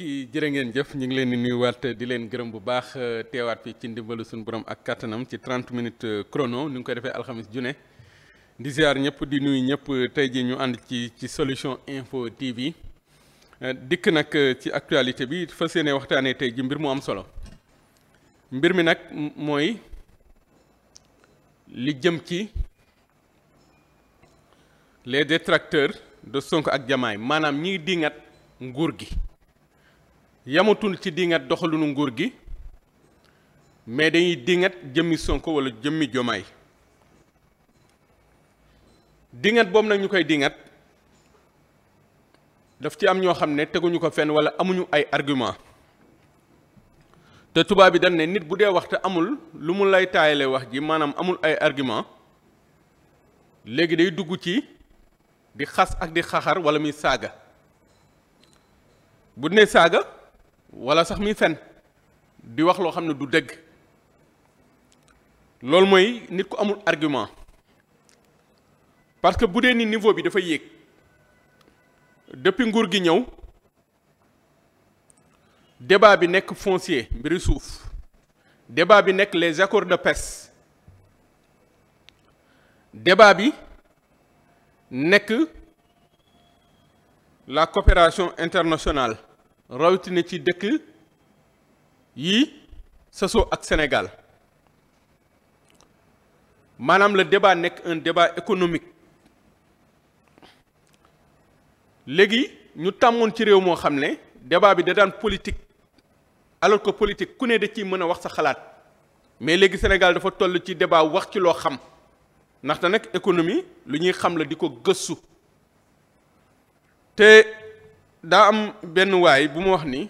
mbokk ngeen jëf ñu ngi leen di nuyuwaat di leen gërëm bu baax euh, teewaat bi ci ndimbalu suñu borom ak kattanam ci 30 minutes euh, chrono ni ngi ko defee alxamis june di ziar ñëpp di nuyu ñëpp tey ji ñu ànd ci ci solution info TV euh, dikk nag ci actualité bi fas yéene waxtaanee tey ji mbir mu am solo mbir mi nag mooy li jëm ci les détracteurs de Sonko ak Diomaye maanaam ñiy dingat nguur gi yamatul ci dingat doxalinu nguur gi mais dañuy dingat jëmmi Sonko wala jëmmi Jomaay dingat boobu nag ñu koy dingat daf ci am ñoo xam ne teguñu ko fenn wala amuñu ay argument te tubaab bi dañ ne nit bu dee wax te amul lu mu lay taayale wax ji maanaam amul ay argument léegi day dugg ci di xas ak di xaxar wala muy saaga bu ne saaga wala sax muy fen di wax loo xam ne du dëgg loolu mooy nit ku amul argument parce que bu dee ni niveau bi dafa yéeg depuis nguur gi ñëw débat bi nekk foncier mbiri suuf débat bi nekk les accords de pêche débat bi nekk la coopération internationale rawatina ci dëkk yi sasoo ak Sénégal maanaam la débat nekk un débat économique léegi ñu tàmmoon ci réew moo xam ne débat bi da daan politique alors que politique ku ne da ciy mën a wax sa xalaat mais léegi Sénégal dafa toll ci débat wax ci loo xam ndaxte nag économie lu ñuy xam la di ko gëstu te daa am benn waay bu mu wax ni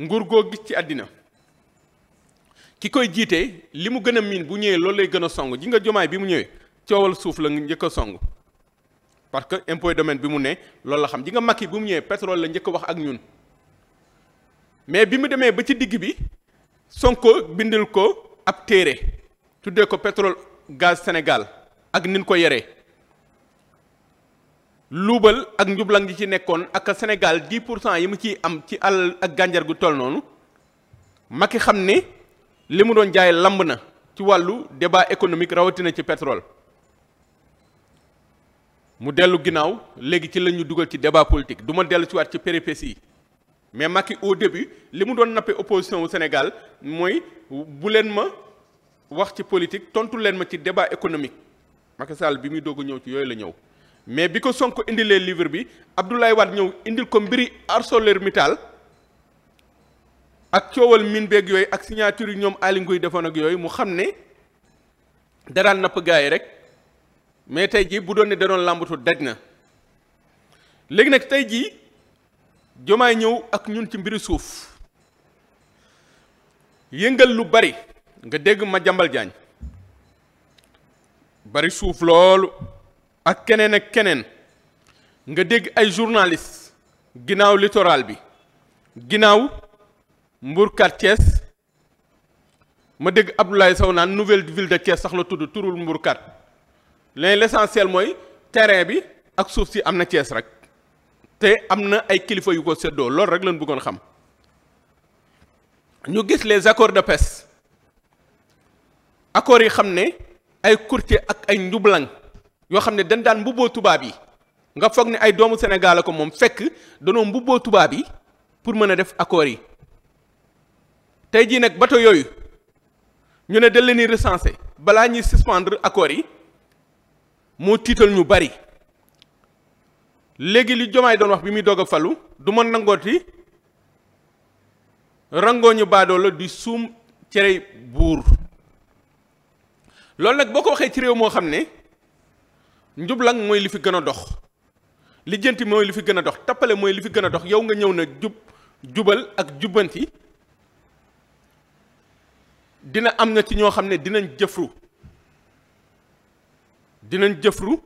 nguur goo gis ci àddina ki koy jiite li mu gën a miin bu ñëwee loolu lay gën a song ji nga jomaay bi mu ñëwee coowal suuf la njëkk a song parce que impôt domaine bi mu ne lool la xam ji nga Macky bi mu ñëwee pétrole la njëkk a wax ak ñun mais bi mu demee ba ci digg bi Sonko bindil ko ab téere tuddee ko pétrole gaz Sénégal ak nin ko yeree luubal ak njublang ngi ci nekkoon ak Sénégal 10 pour cent yi ma ciy am ci alal ak gànjar gu tool noonu Macky xam ni li mu doon jaay lamb na ci wàllu débat économique rawatina ci pétrole mu dellu ginnaaw léegi ci la ñu dugal ci débat politique du ma dellu ci waat ci péripéties yi mais Macky au début li mu doon nappe opposition wu Sénégal mooy bu leen ma wax ci politique tontu leen ma ci débat économique Macky Sall bi muy doog a ñëw ci yooyu la ñëw. mais bi ko Sonko indilee livre bi Abdoulaye Wade ñëw indil ko mbiri ArcelorMittal ak coowal mine beeg yooyu ak signature yi ñoom Aly Ngouille defoon ak yooyu mu xam ne daraan napp gars yi rek mais tey jii bu doon ne da doon làmbatu daj na léegi nag tey jii jomaay ñëw ak ñun ci mbiru suuf yëngal lu bari nga dégg ma jàmbal jaañ bari suuf loolu ak keneen ak keneen nga dégg ay journaliste ginnaaw littoral bi ginnaaw Mbourkat Thiès ma dégg Abdoulaye Sow naan nouvelle ville de Thiès sax la tudd turul Mbourkat léegi l'essentiel mooy terrain bi ak suuf si am na Thiès rek te am na ay kilifa yu ko seddoo loolu rek lañ bëggoon xam ñu gis les accords de pêche accords yi xam ne ay courtier ak ay njublang yoo xam ne dañ daan mbubboo tubaab yi nga foog ni ay doomu Sénégal la ko moom fekk danoo mbubboo tubaab yi pour mën a def accords yi tey jii nag bato yooyu ñu ne dañ leen di recenser balaa ñuy suspendre accords yi moo tiital ñu bari léegi li Jomaay doon wax bi muy doog a falu du ma nangooti rangoo ñu baadoo di suum cere buur loolu nag boo ko waxee ci réew moo xam ne. njublang mooy li fi gën a dox lijjanti mooy li fi gën a dox tappale mooy li fi gën a dox yow nga ñëw na jub jubal ak jubbanti dina am na ci ñoo xam ne dinañ jëfru dinañ jëfru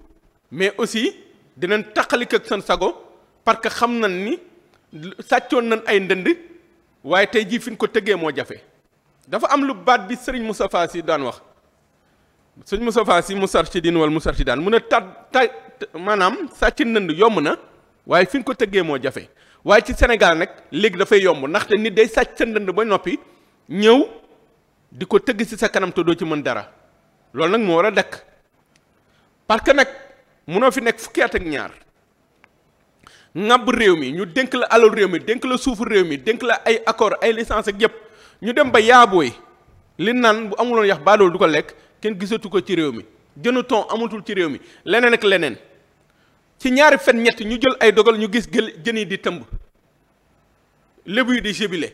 mais aussi dinañ taqalik ak seen sago parce que xam na ni sàccoon nañ ay ndënd waaye tey jii fi ñu ko tëggee moo jafe dafa am lu baat bi Serigne Moustapha Sy daan wax sëñ Moustapha Sy mu sar ci diin wal mu sar daan mun ne tat ta maanaam sàcc nënd yomb na waaye fi nga ko tëggee moo jafe waaye ci Sénégal nag léegi dafay yomb ndaxte nit day sàcc sa ndënd ba noppi ñëw di ko tëgg si sa kanam te doo ci mën dara loolu nag moo war a dakk parce que nag munoo fi nekk fukki at ak ñaar ŋàbb réew mi ñu dénk la alal réew mi dénk la suufu réew mi dénk la ay accord ay licence ak yëpp ñu dem ba yaabooy li naan bu amuloon yax baadool du ko lekk kenn gisatu ko ci réew mi jënaton amatul ci réew mi leneen ak leneen ci ñaari fen ñett ñu jël ay dogal ñu gis gël jën yi di tëmb lébu yi di jébile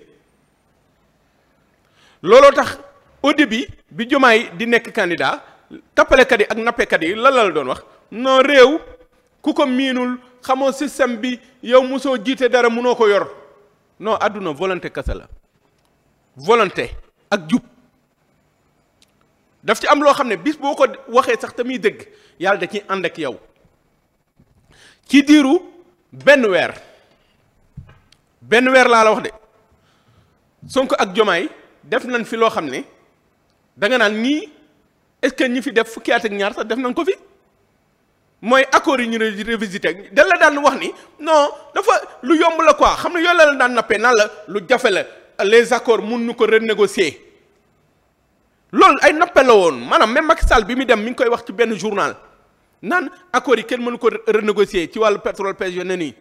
looloo tax au bi bi Diomaye di nekk candidat tappalekat yi ak nappekat yi lan la doon wax noo réew ku ko miinul xamoo système bi yow musoo jiite dara munoo ko yor noo àdduna volonté kasa la volonté ak jub daf ci am loo xam ne bis boo ko waxee sax te muy dëgg yàlla da ciy ànd ak yow ci diiru benn weer benn weer laa la wax de Sonko ak Jomaay def nañ fi loo xam ne danga naan nii est-ce ñi fi def fukki at ak ñaar sax def nañ ko fi mooy accords yi ñu revisité dañ la daan wax ni non dafa lu yomb la quoi xam ne yooyu la la daan nappee naan la lu jafe la les accords mun ñu ko renégocier lool ay nappe la woon maanaam même Macky Sall bi muy dem mu ngi koy wax ci benn journal nan accords yi kenn mënu ko renégocier ci wàllu pétrole PG ne nii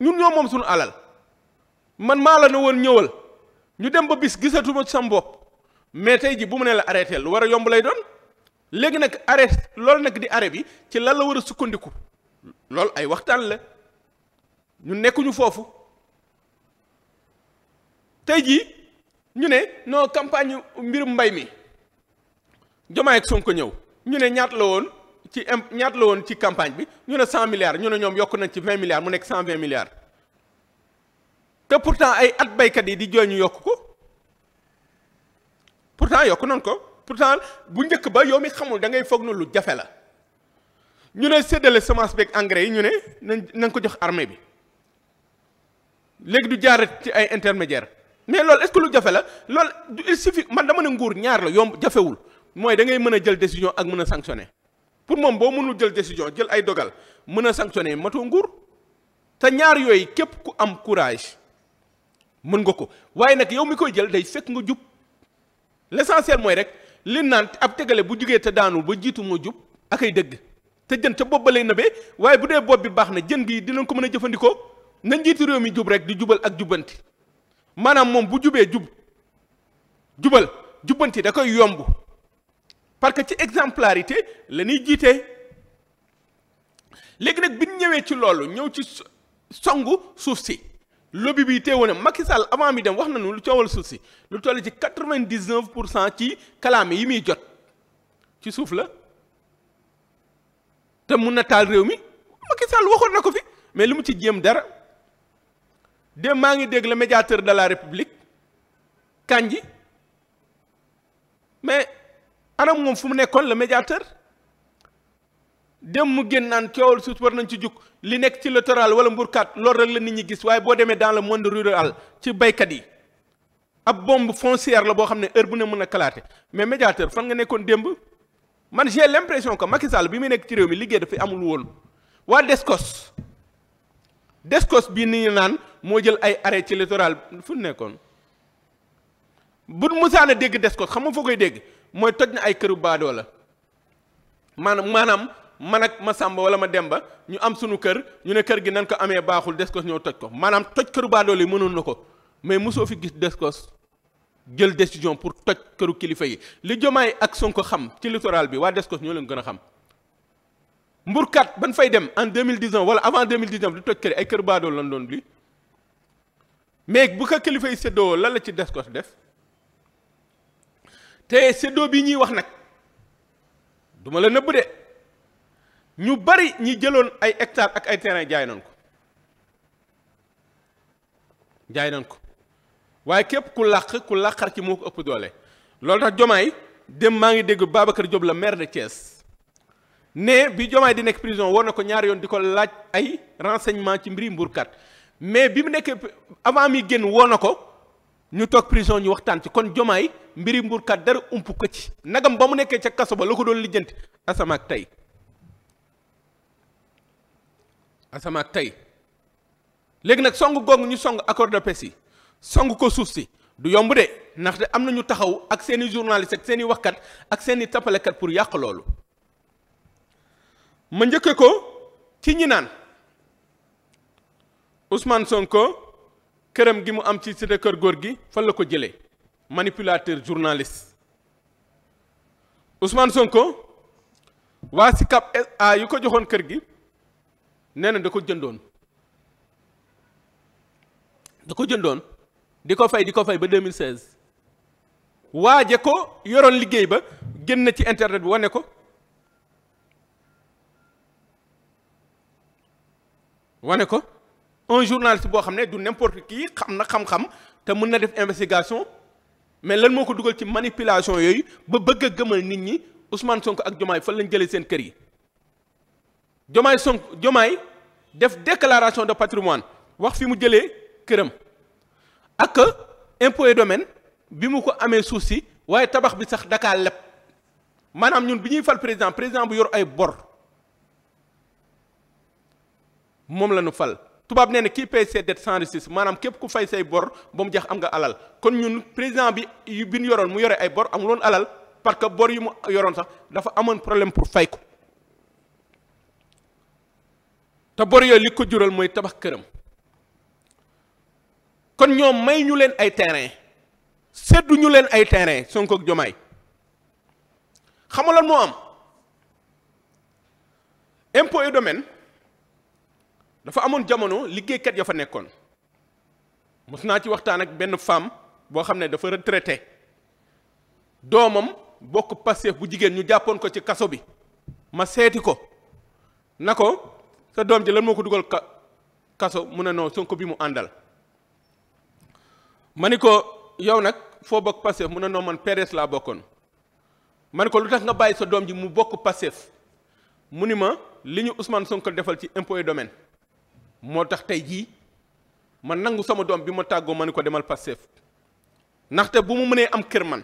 ñun ñoo moom suñu alal man maa la ne woon ñëwal ñu dem ba bis gisatuma ci sama bopp mais tey ji bu mu ne la arrêté lu war a yomb lay doon léegi nag arrêt loolu nag di arrêt bi ci lan la war a sukkandiku loolu ay waxtaan la ñu nekkuñu foofu tey jii ñu ne non campagne mbirum mbay mi Diomaye ak ko ñëw ñu ne ñaat la woon ci imp ñaat la woon ci campagne bi ñu ne cent milliards ñu ne ñoom yokk nañ ci vingt milliards mu nekk cent vingt milliards te pourtant ay at baykat yi di jooy ñu yokk ko pourtant yokk nañ ko pourtant bu njëkk ba yow mi xamul da ngay foog na lu jafe la ñu ne séddale semence beeg engrais yi ñu ne nañ nañ ko jox armée bi léegi du jaar ci ay intermédiaire mais lool est-ce jafe la loolu du il suffit man dama ne nguur ñaar la yomb jafewul mooy dangay mën a jël décision ak mën a sanctionner pour moom boo mënul jël décision jël ay dogal mën a sanctionner matoo nguur te ñaar yooyu képp ku am courage mën nga ko waaye nag yow mi koy jël day fekk nga jub l'essentiel mooy rek li naan ab tegale bu jugee te daanu ba jiitu moo jub ak ay dëgg te jën ca bopp ba lay nëbee waaye bu dee bopp bi baax na jën gi dinañ ko mën a jëfandikoo na njiitu réew mi jub rek di jubal ak jubbanti maanaam moom bu jubee jub jubal jubbanti da koy yomb parce que ci exemplarité la ñuy jiitee léegi nag bi ñu ñëwee ci loolu ñëw ci songu suuf si lobby bi teewoon na Macky Sall avant mi dem wax nañu lu coowal suuf si lu toll ci quatre vingt dix pour cent ci kalaame yi muy jot ci suuf la te mun na taal réew mi Macky Sall na ko fi mais li mu ci jéem dara. démb maa ngi dégg le médiateur de la république Kandji mais anam moom fu mu nekkoon la médiateur démb mu génn naan coowal suuf war nañ ci jug li nekk ci littoral wala mburkat loolu rek la nit ñi gis waaye boo demee dans le monde rural ci baykat yi ab bombe foncière la boo xam ne heure bu ne mën a kalaate mais médiateur fan nga nekkoon démb man j'ai l'impression que Macky bi muy nekk ci réew mi liggéey dafa amul wóolu waa Descos Descos bii ni ñu naan moo jël ay arrêt ci littoral fu nekkoon bu musaana dégg des ko xam nga foo koy dégg mooy toj na ay këru baadoo la maanaam maanaam man ak ma sàmba wala ma dem demba ñu am sunu kër ñu ne kër gi nan ko amee baaxul des ko ñëw toj ko maanaam toj këru baadoo la yi mënoon na ko mais mosoo fi gis des ko jël décision pour toj këru kilifa yi li Jomaay ak Sonko xam ci littoral bi waa des ko ñoo leen gën a xam mburkat ban fay dem en 2019 wala avant 2019 di toj doon li mais bu ko kilifa yi séddoo lan la ci des ko def te seddo bi ñuy wax nag duma la nëbb de ñu bari ñi jëloon ay hectares ak ay terrain jaay nañ ko jaay nañ ko waaye képp ku làq ku làqar ci moo ko ëpp doole loolu tax jomaay dem maa ngi dégg Babacar Diop la maire de Thiès ne bi jomaay di nekk prison war na ko ñaari yoon di ko laaj ay renseignement ci mbiri mbuurkat mais bi mu nekkee avant mi génn woo na ko ñu toog prison ñu waxtaan ci kon jomaay mbiri mburkat dara ump ko ci nagam ba mu nekkee ca kaso ba la ko doon lijjanti asamaak tey asamaak tey léegi nag song googu ñu song accord de paix yi song ko suuf si du yomb de ndaxte am na ñu taxaw ak seeni journaliste ak seeni waxkat ak seeni tappalekat pour yàq loolu ma njëkke ko ci ñi naan Ousmane Sonko këram gi mu am ci cité kër góor gi fan la ko jëlee manipulateur journaliste Ousmane Sonko waa Sicap SA yi ko joxoon kër gi nee na da ko jëndoon da ko jëndoon di ko fay di ko fay ba 2016 waaje ko yoroon liggéey ba jën génn ci internet bi wane ko wane ko un journaliste boo xam ne du n'importe kii xam na xam-xam te mën na def investigation mais lan moo ko dugal ci manipulation yooyu ba bëgg gëmal nit ñi Ousmane sonk ak Jomaay fan lañ jëlee seen kër yi Jomaay Sonko Jomaay def déclaration de patrimoine wax fi mu jëlee këram ak impôt et domaine bi mu ko amee suuf si waaye tabax bi sax dakaa leb maanaam ñun bi ñuy fal président président bu yor ay bor moom la ñu fal tubaab nee na kii paye ses dettes sans maanaam képp ku fay say bor ba mu jeex am nga alal kon ñun président bi yu ñu yoroon mu yore ay bor am amuloon alal parce que bor yi mu yoroon sax dafa amoon problème pour fay ko te bor yooyu li ko jural mooy tabax këram kon ñoom may ñu leen ay terrain seddu ñu leen ay terrain Sonko ak Jomaay xamaloon moo am impôt et domaine dafa amoon jamono liggéeykat yoo fa nekkoon mos naa ci waxtaan ak benn femme boo xam ne dafa traité doomam bokk Pastef bu jigéen ñu jàppoon ko ci kaso bi ma seeti ko na ko sa doom ji lan moo ko dugal ka kaso mu ne noo Sonko bi mu àndal ma ni ko yow nag foo bokk Pastef mu ne noo man PDS laa bokkoon ma ni ko lu tax nga bàyyi sa doom ji mu bokk Pastef mu ni ma li ñu Ousmane Sonko defal ci impôt domaine moo tax tey jii ma nangu sama doom bi ma tàggoo ma ne ko demal Pastef ndaxte bu mu mënee am kër man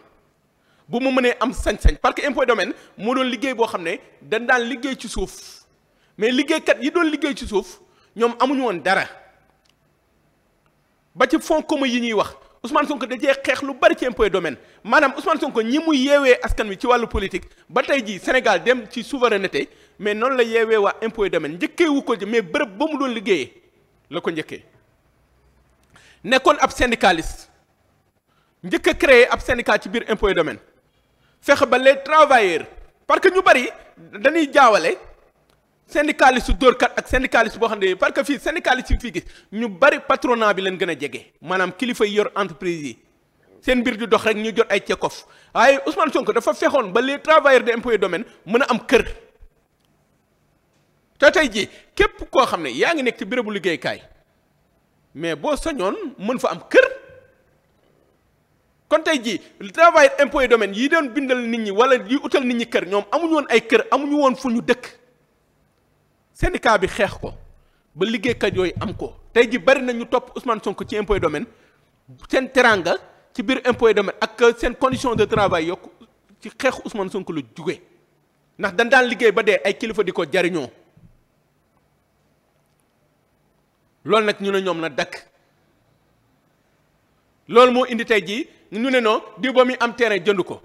bu mu mënee am sañ-sañ parce que impôt domaine moo doon liggéey boo xam ne dañ daan liggéey ci suuf mais liggéeykat yi doon liggéey ci suuf ñoom amuñu woon dara ba ci fonds commun yi ñuy wax Ousmane Sonko da cee xeex lu bari ci impôt domaine maanaam Ousmane Sonko ñi mu yeewee askan wi ci wàllu politique ba tey ji Sénégal dem ci souveraineté mais noonu la yeewee waa impôt domaine njëkkeewu ko mais bërëb ba mu doon liggéeyee la ko njëkkee nekkoon ab syndicaliste njëkk a ab syndicat ci biir impôt domaine fexe ba lee travailleurs parce que ñu bari dañuy jaawale syndicaliste su dóorkat ak syndicaliste boo xam ne parce que fii syndicaliste yi fii gis ñu bari patronat bi leen gën a jege maanaam kilifa yi yor entreprise yi seen mbir di dox rek ñu jot ay cekof waaye Ousmane Sonko dafa fexoon ba lee travailleurs de domaine mën a am kër. te tey jii képp koo xam ne yaa ngi nekk ci bérébu liggéeykaay mais boo sañoon mën fa am kër kon tey jii travail impôt et domaine yi doon bindal nit ñi wala yi utal nit ñi kër ñoom amuñu woon ay kër amuñu woon fu ñu dëkk syndicat bi xeex ko ba liggéeykat yooyu am ko tey ji bari na ñu topp Ousmane sonk ci impôt et domaine seen teranga ci biir impôt et domaine ak seen condition de travail yokk ci xeexu Ousmane Sonko la juge ndax dañ daan liggéey ba dee ay kilifa di loolu nag ñu ne ñoom na dakk loolu moo indi tey jii ñu ne noo di ba muy am terrain jënd ko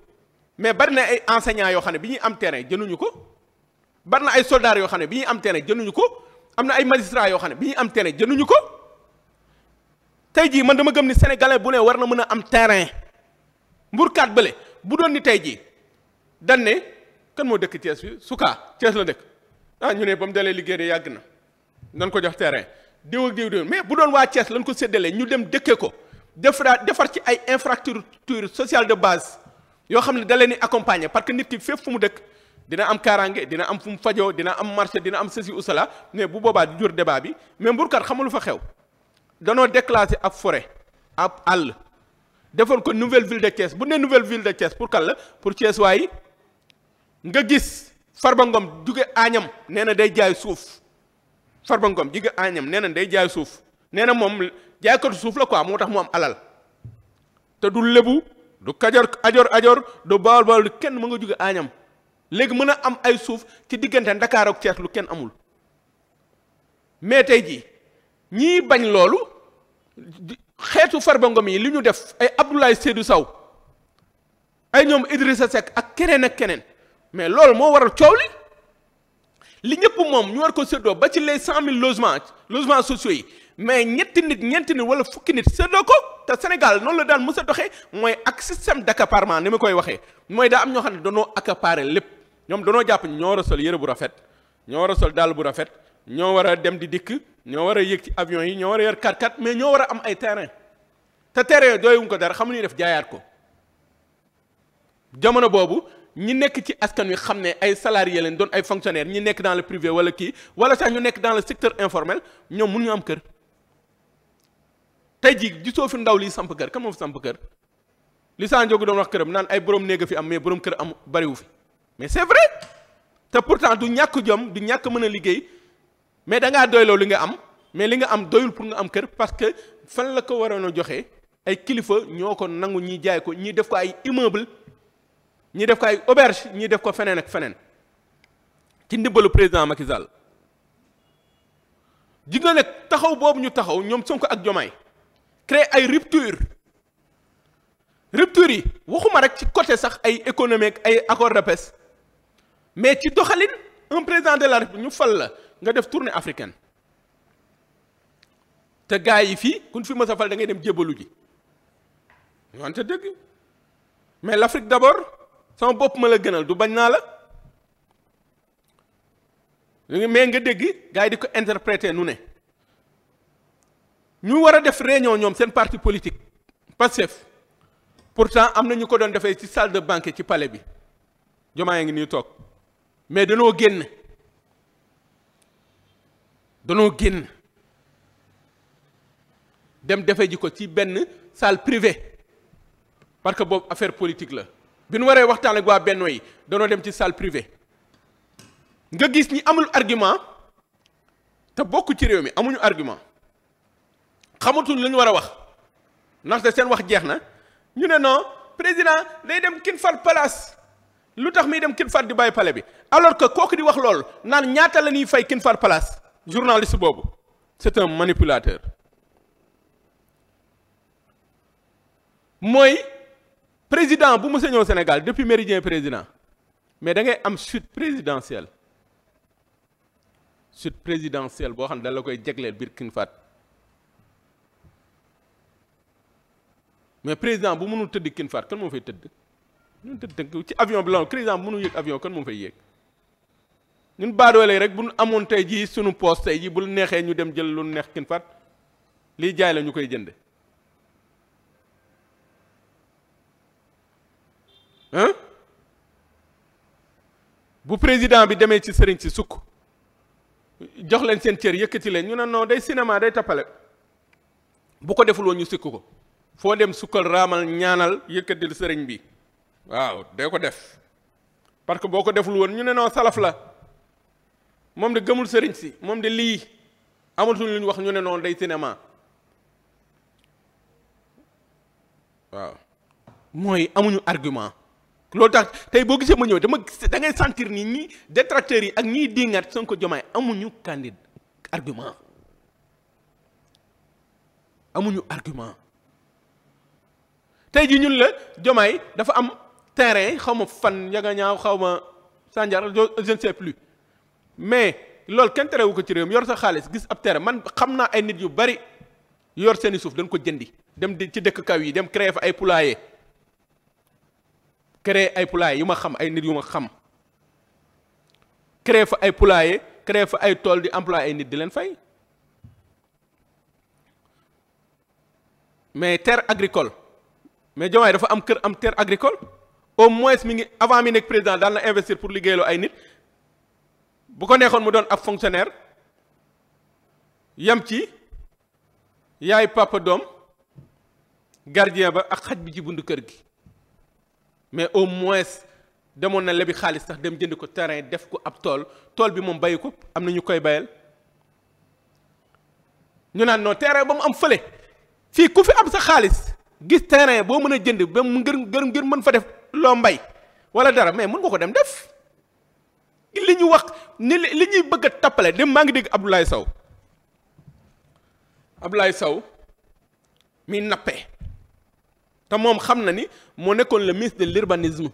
mais bari na ay enseignants yoo xam ne bi ñuy am terrain jënduñu ko bari na ay soldats yoo xam ne bi am terrain jënduñu ko am na ay magistrats yoo xam ne bi ñuy am terrain jënduñu ko tey jii man dama gëm ni sénégalais bu ne war na mën a am terrain mburkaat bële bu doon ni tey jii dan ne kan moo dëkk Thiès bi Souka Thiès la dëkk ah ñu ne ba mu dalee liggéey de yàgg na nañ ko jox terrain. diw ak diw diw mais bu doon waa Thiès lañ ko séddalee ñu dem dëkkee ko defaraat defar ci ay infrastructure sociale de base yoo xam ne da leen di accompagner parce que nit ki fépp fu mu dëkk dina am kaaraange dina am fu mu fajoo dina am marché dina am ceci ou cela mais bu boobaa du jur débat bi mais Mbourkat xamulu fa xew danoo déclassé ab forêt ab àll defoon ko nouvelle ville de Thiès bu ne nouvelle ville de Thiès pour kan la pour Thiès waaye nga gis Farba Ngom jóge Agnam nee na day jaay suuf Farba Ngom jiga añam nee na day jaay suuf nee na moom jaaykatu suuf la quoi moo tax mu am alal te du lebu du kajoor ajoor ajoor du bawol bawol kenn mu nga jóge añam léegi mën a am ay suuf ci diggante Ndakaar ak Cees lu kenn amul mais tey jii ñii bañ loolu xeetu Farba yi li ñu def ay Abdoulaye Seydou saw ay ñoom Idrissa Seck ak keneen ak keneen mais loolu moo waral coow li li ñëpp moom ñu war ko séddoo ba ci les cent mille logements logements sociaux yi mais ñetti nit ñeenti nit wala fukki nit séddoo ko te Sénégal noonu la daan mës a mooy ak système d'accaparement ni ma koy waxee mooy daa am ñoo xam ne danoo accaparer lépp ñoom danoo jàpp ñoo war a sol yére bu rafet ñoo war a sol dàll bu rafet ñoo war a dem di dikk ñoo war a yëg ci avion yi ñoo war a yor kàr-kàr mais ñoo war a am ay terrain te terrain yooyu ko dara xamuñu def jaayaat ko jamono boobu. ñi nekk ci askan wi xam ne ay salarié lañ doon ay fonctionnaire ñi nekk dans le privé wala kii wala sax ñu nekk dans le secteur informel ñoom mun ñu am kër tey jii gisoo fi ndaw liy samp kër kan moo fi samp kër li saa njóogu doon wax këram naan ay borom néeg fi am mais borom kër am bariwu fi mais c'est vrai te pourtant du ñàkk jom du ñàkk mën a liggéey mais da ngaa doyloo li nga am mais li nga am doyul pour nga am kër parce que fan la ko waroon a joxe ay kilifa ñoo ko nangu ñi jaay ko ñi def ko ay immeuble ñi def ko ay auberge ñi def ko feneen ak feneen ci ndimbalu président Macky Sall ji nga nag taxaw boobu ñu taxaw ñoom Sonko ak Jomaay créer ay rupture rupture yi waxuma rek ci côté sax ay économique ay accord de paix mais ci doxalin un président de la ñu fal la nga def tournée africaine te gars yi fii kun fi mës a fal da ngay dem jébalu ji wante dëgg mais l'Afrique d'abord sama bopp ma la gënal du bañ naa la mais nga dégg gars yi di ko interpréter nu ne ñu war a def réunion ñoom seen parti politique Pastef pourtant am na ñu ko doon defee ci salle de banquet ci pale bi jomaa ngi nii toog mais danoo génn danoo génn dem defe ji ko ci benn salle privée parce que boobu affaire politique la bi nu waree waxtaan ak waa benn yi danoo dem ci salle privée nga gis ñi amul argument te bokk ci réew mi amuñu argument xamatuñ lu ñu war a wax ndaxte seen wax jeex na ñu ne non président day dem kin far palace lu tax muy dem kin far di bàyyi pale bi alors que kooku di wax loolu naan ñaata la ñuy fay kin far palace journaliste boobu c'est un manipulateur mooy président bu mës a ñëw Sénégal depuis méridien président mais da ngay am suite présidentielle suite présidentielle boo xam ne da la koy jegleel biir kin faat mais président bu mënul tëdd kin faat kan moom fay tëdd ñun tëdd ci avion bi la président bu mënul yéeg avion kan moom fay yéeg ñun baadoole rek bu ñu amoon tey jii suñu poste tey jii bul neexee ñu dem jël lu neex kin faat lii jaay la ñu koy jënd bu président bi demee ci sëriñ si sukk jox leen seen cër yëkkati leen ñu ne non day cinéma day tappale bu ko defuloo ñu sikk ko foo dem sukkal raamal ñaanal yëkkatil sëriñ bi waaw day ko def parce que boo ko deful woon ñu ne non salaf la moom de gëmul sëriñ si moom de lii amatul lu ñu wax ñu ne noonu day cinéma waaw mooy amuñu argument loolu tax tey boo gisee ma ñëw dama da ngay sentir ni ñi détracteurs yi ak ñiy dingaat Sonko Diomaye amuñu candide argument amuñu argument tey ji ñun la Diomaye dafa am terrain xaw ma fan yaga ñaaw xaw ma sànjar je ne plus mais loolu kenn terewu ko ci réew yor sa xaalis gis ab terrain man xam naa ay nit yu bari yor seeni suuf dañ ko jëndi dem di ci dëkk kaw yi dem créer fa ay poulailler créer ay poulailler yu ma xam ay nit yu ma xam créer fa ay poulailler créer fa ay tool di employé ay nit di leen fay mais terre agricole mais Diomaye dafa am kër am terre agricole au moins mi ngi avant mi nekk président daal na investir pour liggéeyloo ay nit bu ko neexoon mu doon ab fonctionnaire yam ci yaay papa doom gardien ba ak xaj bi ci bundu kër gi mais au moins demoon na lebi xaalis sax dem jënd ko terrain def ko ab tool tool bi moom bayi ko am na ñu koy bayal ñu naan non terrain ba mu am fële fii ku fi am sa xaalis gis terrain boo mën a jënd ba mu ngir ngir ngir mën fa def loo mbay wala dara mais mën nga ko dem def li ñu wax ni li ñuy bëgg a tappale dem maa ngi dégg Abdoulaye Sow Abdoulaye Sow mi nappe te moom xam na ni moo nekkoon le ministre de l'urbanisme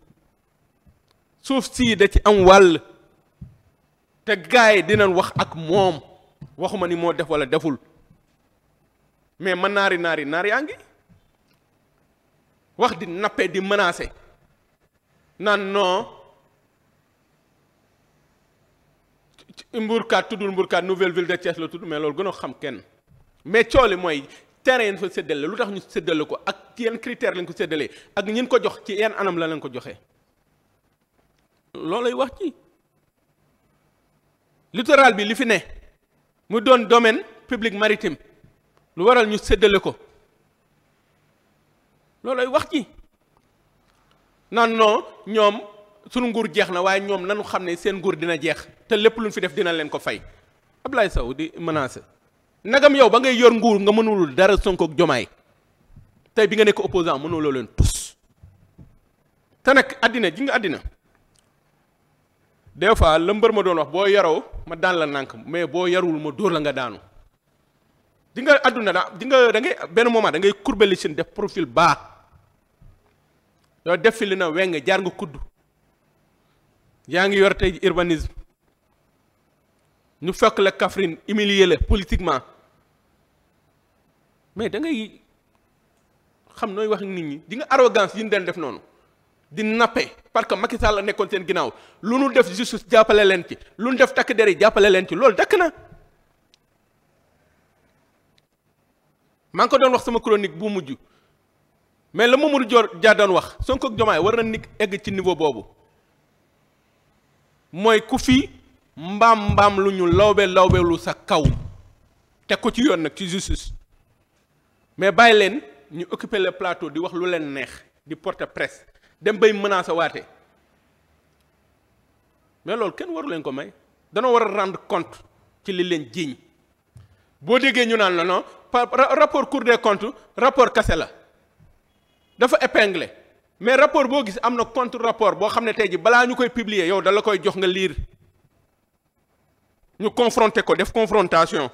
suuf sii da ci am wàll te gars yi dinañ wax ak moom waxuma ni moo def walla deful mais man naari naari naar yaa ngi wax di nappe di menacer naan non mbuurkaat tuddul mbuurkaat nouvelle ville de Thiès la tudd mais loolu gën a xam kenn mais cooli mooy terrain yi fa séddale lu tax ñu séddale ko ak ci yan critère lañ ko seddalee ak ñin ko jox ci yan anam la lañ ko joxee loolay wax ci littoral bi li fi ne mu doon domaine public maritime lu waral ñu seddale ko loolay wax ci nan non ñoom sunu nguur jeex na waaye ñoom nanu xam ne seen nguur dina jeex te lépp luñ fi def dina leen ko fay Ablaye Sow di menacé nagam yow ba ngay yor nguur nga mënul dara sonkook Jomaay tey bi nga nekk opposant mënuloo leen tus te nag àddina ji nga àddina des fois la ma doon boo yaroo ma daan la mais boo yarul ma dóor la nga daanu di nga àdduna da di nga da ngay benn moment da ngay courbeli sin def profil baax yow def fi li na weng jaar nga kudd yaa ngi yor tey urbanisme ñu fekk la kafrin humilier la politiquement mais da ngay xam nooy wax nit ñi di nga arrogance yi nu den def noonu di nappe parce que Macky Sall nekkoon seen ginnaaw lu nu def justice jàppale leen ci lu nu def takk der jàppale leen ci loolu dakk na. maa ngi ko doon wax sama cronique bu mujj mais la Mamadou Dior jaar doon wax Sonko ak Diomaye war na nit egg ci niveau boobu mooy ku fi mbaam mbaam lu ñu lawbe lawbe lu sa kaw teg ko ci yoon nag ci justice. mais bàyyi leen ñu occuper le plateau di wax lu leen neex di porte presse dem bay menacer waate mais loolu kenn waru leen ko may danoo war a rendre compte ci li leen jiiñ boo déggee ñu naan la par rapport cour des comptes rapport kase la dafa épinglé mais rapport boo gis am na contre rapport boo xam ne tey ji balaa ñu koy publier yow dala koy jox nga liir ñu confronter ko def confrontation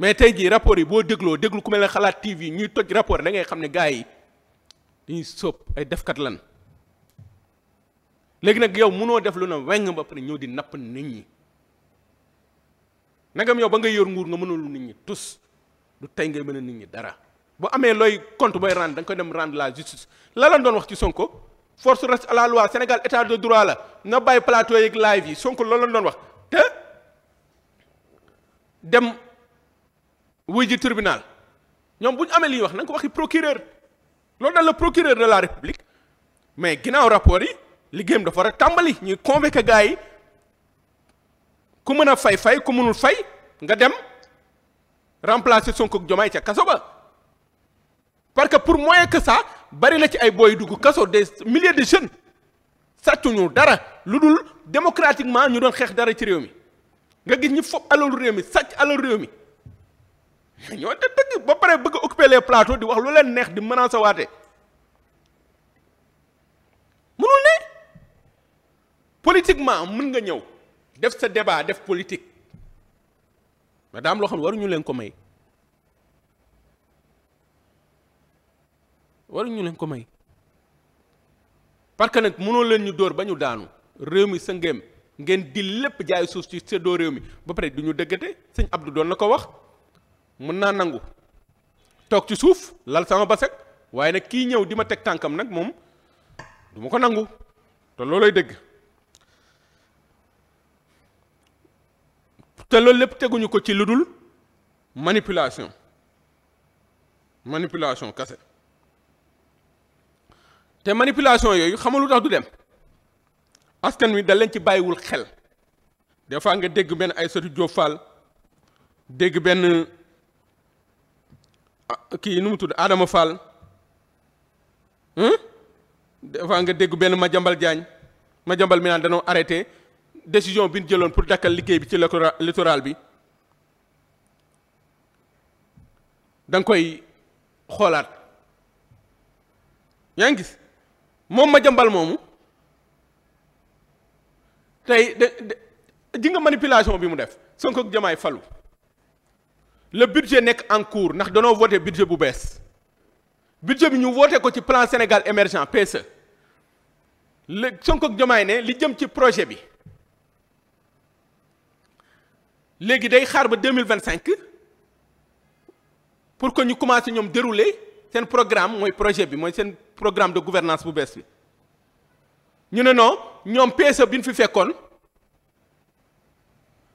mais tey jii rapport yi boo dégloo déglu ku mel ne xalaat TV ñuy toj rapport da ngay xam ne gars yi dañuy sóob ay defkat lan léegi nag yow munoo def lu na weng ba pare ñëw di napp nit ñi nagam yow ba nga yor nguur nga mënul nit ñi tus lu tey ngay mën a nit ñi dara bu amee looy compte booy rendre da ko dem rendre la justice la lan doon wax ci Sonko force reste à la loi Sénégal état de droit la na bàyyi plateau yeeg live yi Sonko loolu la doon wax te dem. wuy ji tribunal ñoom bu ñu amee li wax na ko waxi procureur loolu daal la procureur de la république mais ginnaaw rapport yi liggéeyam dafa war a tàmbali ñuy convoqué gars yi ku mën a fay fay ku mënul fay nga dem remplacer Sonko ak Jomaay ca kaso ba parce que pour moyen que ça bari na ci ay booy dugg kaso des milliers de jeunes sàccuñu dara lu dul démocratiquement ñu doon xeex dara ci réew mi nga gis ñi fopp alalu réew mi sàcc alalu réew mi. ñoo te dëgg ba pare bëgg a occuper di wax lu leen neex di menacer waate mënul ne politiquement mën nga ñëw def sa débat def politique mais daam loo xam waruñu leen ko may waruñu leen ko may parce que nag mënoo leen ñu dóor ba ñu daanu réew mi sa ngéem ngeen di lépp jaay suuf ci séddoo réew mi ba pare du ñu dëggate sëñ Abdou doon na ko wax mën naa nangu toog ci suuf lal sama basek waaye nag kii ñëw di ma teg tànkam nag moom du ma ko nangu te loolay dëgg te loolu lépp teguñu ko ci lu dul manipulation manipulation kase te manipulation yooyu xamalu tax du dem askan wi da leen ci bàyyiwul xel des fois nga dégg benn ay Diop Fall dégg benn kii nu mu tudd Adama Fall hmm? dafa nga dégg benn ma Madiambal Diagne Madiambal mi naan danoo arrêté décision bi ñu jëloon pour dakkal liggéey bi ci littoral bi danga koy xoolaat yaa ngi gis moom ma jambal moomu tey de ji nga manipulation bi mu def Sonko ak Diomaye falu le budget nekk en cours ndax danoo voté budget bu bees budget bi ñu woote ko ci plan Sénégal émergent PSE le Sonko ak Diomaye ne li jëm ci projet bi léegi day xaar ba deux mille vingt cinq pour que ñu commencé ñoom dérouler seen programme mooy projet bi mooy seen programme de gouvernance bu bees bi ñu ne non ñoom PSE bi ñu fi fekkoon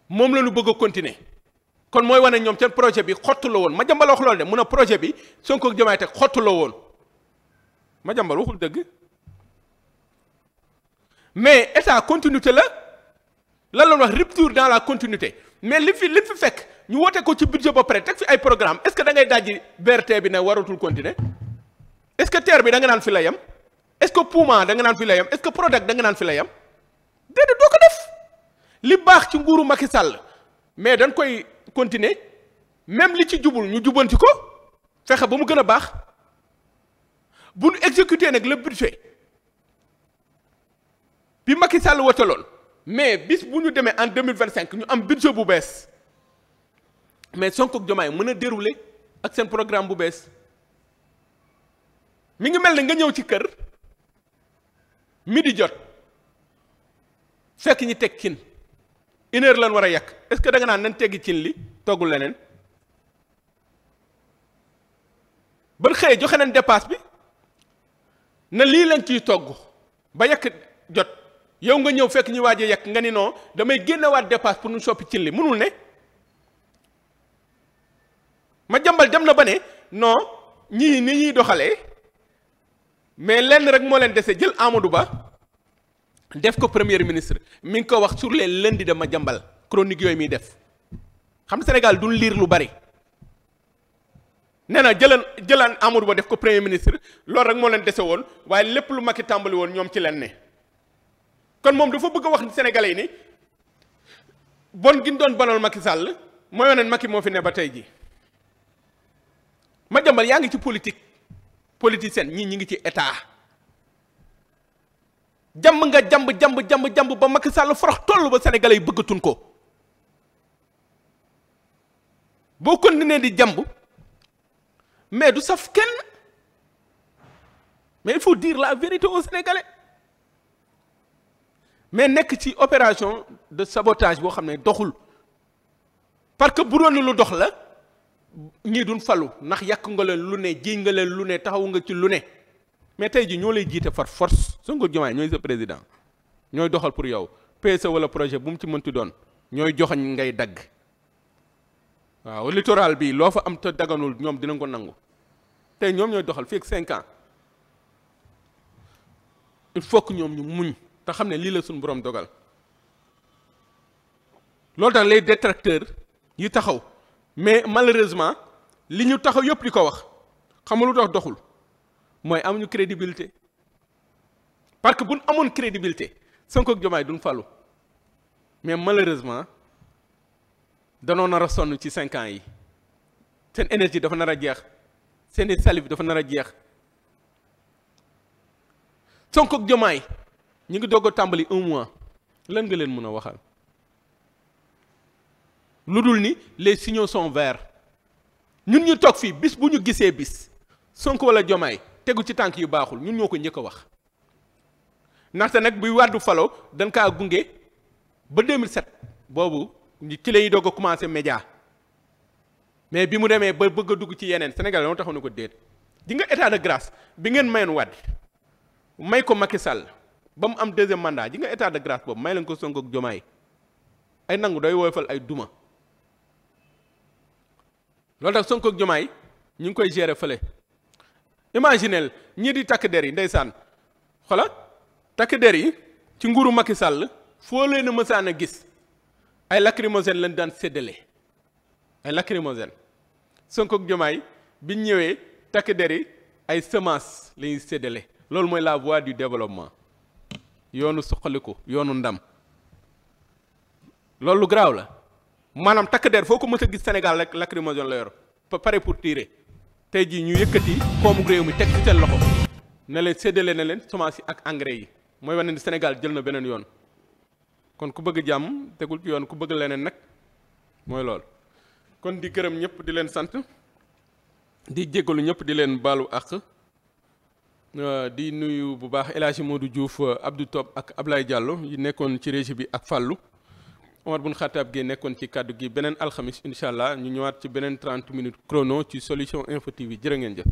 moom la lu bëgg a continuer. kon mooy wane ñoom seen projet bi xottu la woon ma jàmbal wax a projet bi Sonko ak woon ma jàmbal waxul dëgg mais état continuité la lan la wax rupture dans la continuité mais li fi li fi fekk ñu woote ko ci budget ba pare teg fi ay programme est-ce que da ngay dajji BRT bi ne waratul continuer est-ce que TER bi da nga naan fi la yem est-ce que Puma da nga naan fi la yem est-ce que Prodac da nga naan fi la yem doo ko def li baax ci nguuru Macky Sall mais dañ koy. continuer même li ci jubul ñu jubanti ko fexe ba mu gën a baax bu nu exécuter nag le budget bi Macky Sall wotaloon mais bis bu ñu demee en deux mille cinq ñu am budget bu bees mais Sonko ak Diomaye mën a dérouler ak seen programme bu bees mi ngi mel ne nga ñëw ci kër mi di jot fekk ñi teg kin une heure lan war a yàq est-ce que da nga naan teggi cin li toggul leneen ba xëyee joxe nañ dépasse bi na lii lañ ciy togg ba yàq jot yow nga ñëw fekk ñu waaje yàkk nga ni noo damay génnewaat dépasse pour ñu soppi cin li mënul ne ma jàmbal dem na ba ne non ñii ni ñuy doxalee mais lenn rek moo leen dese jël Amadou Ba def ko premier ministre mi ngi ko wax leen di lundis de Madiambal chronique yooyu muy def xam senegal du liir lu bari nee na jëlan jëlan Amadou Ba def ko premier ministre loolu rek moo leen dese woon waaye lépp lu Macky tàmbali woon ñoom ci leen ne kon moom dafa bëgg a wax sénégalais yi ni bon gi ñu doon banal Macky Sall mooy wane Macky moo fi ne ba tey ji Madiambal yaa ngi ci politique politicienne ñii ñi ngi ci état jàmb nga jàmb jàmb jàmb jàmb ba mag Sall forox toll ba sénégalais yi bëggatuñ ko boo continuer di jàmb mais du saf kenn mais il faut la vérité aux sénégalais mais nekk ci opération de sabotage boo xam ne doxul parce que bu doon lu dox la ñii dun falu ndax yàq nga leen lu ne jiy nga leen lu ne taxaw nga ci lu ne. mais tey ji ñoo lay jiite far force Sonko Diomaye ñooy sa président ñooy doxal pour yow PSE wala projet bu mu ci mënti doon ñooy joxañ ngay dagg waaw littoral bii loo fa am te daganul ñoom dinañ ko nangu tey ñoom ñooy doxal fii ak cinq ans il faut que ñoom ñu muñ te xam ne lii la suñu borom dogal loolu tax les détracteurs yi taxaw mais malheureusement li ñu taxaw yëpp di ko wax lu tax doxul mooy amuñu crédibilité parce que buñ amoon crédibilité Sonko ak Diomaye duñ falu mais malheureusement danoo nar a sonn ci cinq yi seen énergie dafa nar a jeex seen i salive dafa nar a jeex sonk ak Diomaye ñu ngi doog a tàmbali un mois lan nga leen mën a waxal lu dul ni les signaux son verts ñun ñu toog fii bis bu ñu gisee bis sonk wala Diomaye tegu ci tànk yu baaxul ñun ñoo ko njëkk a wax ndaxte nag buy wàddu falo dañ kaa gunge ba 2007 boobu ci lay doog a commencé média mais bi mu demee ba bëgg a dugg ci yeneen Sénégal yoo taxoon na ko déet di nga état de grâce bi ngeen mayoon Wade may ko Macky Sall ba mu am deuxième mandat ji nga état de grâce boobu may leen ko Sonko ak Diomaye ay nangu woy woyofal ay duma loolu tax Sonko ak Diomaye ñu ngi koy gérer fële. imaginel ñii di takk der yi ndeysaan xola takk der yi ci nguuru Macky sàll foo leen a a gis ay lacrymogène lañ daan séddale ay lacrymogène son ak Jomaay biñ ñëwee takk der yi ay semence la ñuy séddale loolu mooy la voie du développement yoonu suqaliku yoonu ndam loolu garaaw la maanaam takk der foo ko mës a gis Sénégal rek lacrymogène la yor pare pour tirer tey jii ñu yëkkati koomu réew mi teg ci seen loxo na leen séddale na leen semence yi ak engrais yi mooy wane ni Sénégal jël na beneen yoon kon ku bëgg jàmm tegul ci yoon ku bëgg leneen nag mooy lool kon di gërëm ñëpp di leen sant di jégalu ñëpp di leen baalu àq euh, di nuyu bu baax El Hadji Modou Diouf Abdou Top ak ab Ablaye Diallo yi nekkoon ci régie bi ak Fallou Omar bun Xattaab gi nekkoon ci kàddu gi beneen alxamis incha allah ñu ñëwaat ci beneen 30 minutes chrono ci solution info TV jërë ngeen jëf.